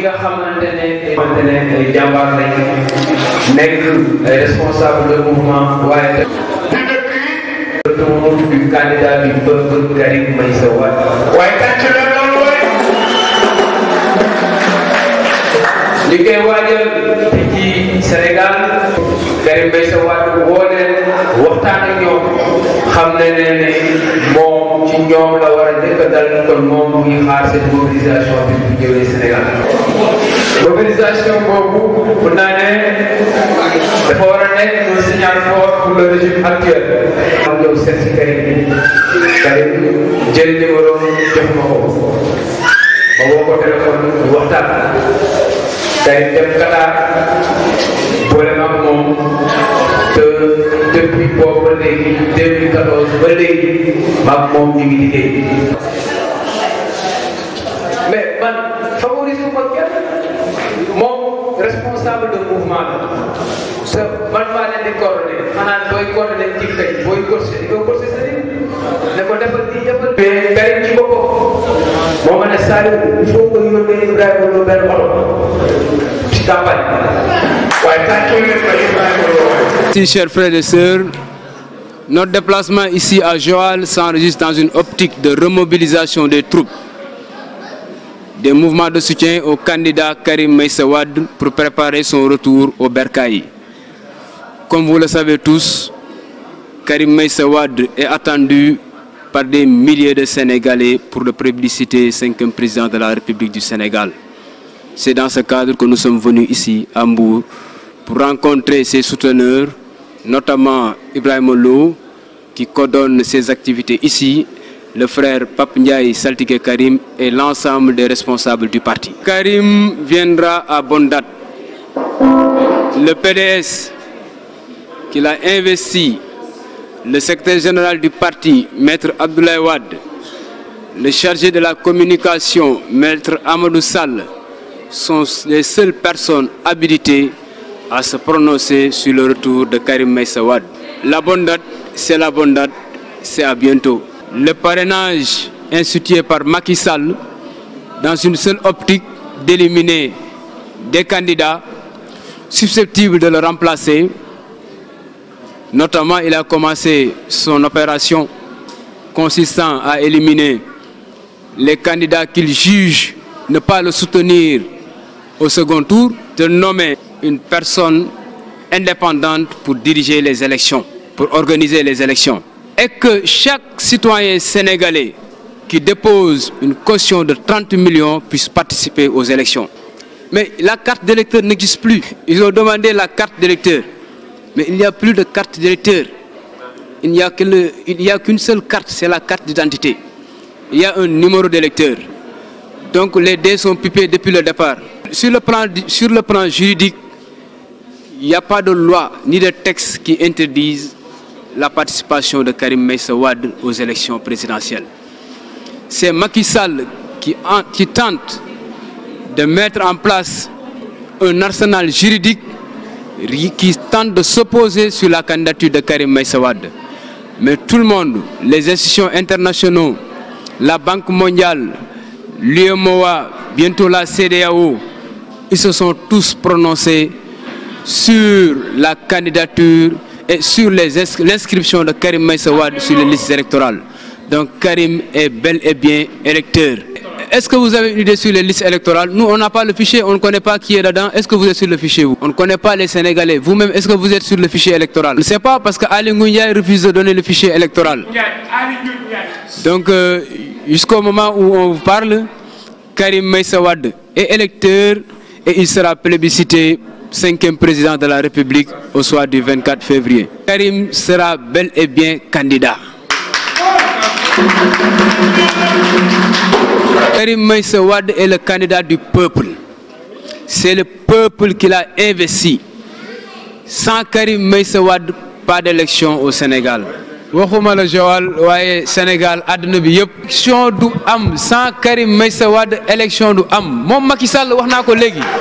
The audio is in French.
ñi nga xamante ne xamante ne ay jàmbaar lañ nekk responsable de mouvement waaye te moom du candidat bi bëgg Karim Meïssa Wade waaye tàcc na loolu waaye li koy waajal fi ci Sénégal Karim Meïssa Wade woo leen waxtaan ak ñoom xam ne ne ne moom ci ñoom la war a njëkk a dal kon moom mu ngi xaar seen mobilisation bi bu ñëwee Sénégal mobilisation boobu mën ne dafa war a nekk un fort pour le régime actuel. am ñëw seet jël numéro jox ma ko ma woo ko téléphone waxtaan Karim dem Qatar boole moom te depuis boobu ba léegi 2014 ba léegi ma moom ñu ngi liggéey mais man favoriser ma kenn Mon responsable de mouvement c'est le il faut que et sœurs. Notre déplacement ici à Joal s'enregistre dans une optique de remobilisation des troupes des mouvements de soutien au candidat Karim Meissawad pour préparer son retour au Berkaï. Comme vous le savez tous, Karim Meissawad est attendu par des milliers de Sénégalais pour le publicité 5e président de la République du Sénégal. C'est dans ce cadre que nous sommes venus ici à Mbour pour rencontrer ses souteneurs, notamment Ibrahim Lo, qui coordonne ses activités ici le frère Pape Ndiaye Saltike Karim et l'ensemble des responsables du parti. Karim viendra à bonne Le PDS qu'il a investi, le secrétaire général du parti, Maître Abdoulaye Wad, le chargé de la communication, Maître Amadou Sall, sont les seules personnes habilitées à se prononcer sur le retour de Karim Meissawad. La bonne date, c'est la bonne date, c'est à bientôt le parrainage institué par Macky Sall dans une seule optique d'éliminer des candidats susceptibles de le remplacer. Notamment, il a commencé son opération consistant à éliminer les candidats qu'il juge ne pas le soutenir au second tour, de nommer une personne indépendante pour diriger les élections, pour organiser les élections et que chaque citoyen sénégalais qui dépose une caution de 30 millions puisse participer aux élections. Mais la carte d'électeur n'existe plus. Ils ont demandé la carte d'électeur. Mais il n'y a plus de carte d'électeur. Il n'y a qu'une seule carte, c'est la carte d'identité. Il y a un numéro d'électeur. Donc les dés sont pipés depuis le départ. Sur le plan, sur le plan juridique, il n'y a pas de loi ni de texte qui interdisent la participation de Karim Meissawad aux élections présidentielles. C'est Macky Sall qui, tente de mettre en place un arsenal juridique qui tente de s'opposer sur la candidature de Karim Meissa Mais tout le monde, les institutions internationales, la Banque mondiale, l'UMOA, bientôt la CDAO, ils se sont tous prononcés sur la candidature et sur l'inscription de Karim Maïsawad sur les listes électorales. Donc Karim est bel et bien électeur. Est-ce que vous avez une idée sur les listes électorales Nous, on n'a pas le fichier, on ne connaît pas qui est là dedans. Est-ce que vous êtes sur le fichier vous On ne connaît pas les Sénégalais. Vous-même, est-ce que vous êtes sur le fichier électoral Je ne sais pas parce qu'Ali refuse de donner le fichier électoral. Donc, euh, jusqu'au moment où on vous parle, Karim Maïsawad est électeur et il sera plébiscité cinquième président de la République au soir du 24 février. Karim sera bel et bien candidat. Karim Wade est le candidat du peuple. C'est le peuple qui l'a investi. Sans Karim Wade, pas d'élection au Sénégal. je la remercie le Sénégal àdduna bi élection du am sans Karim Meïssa élection du am Je Macky Sall je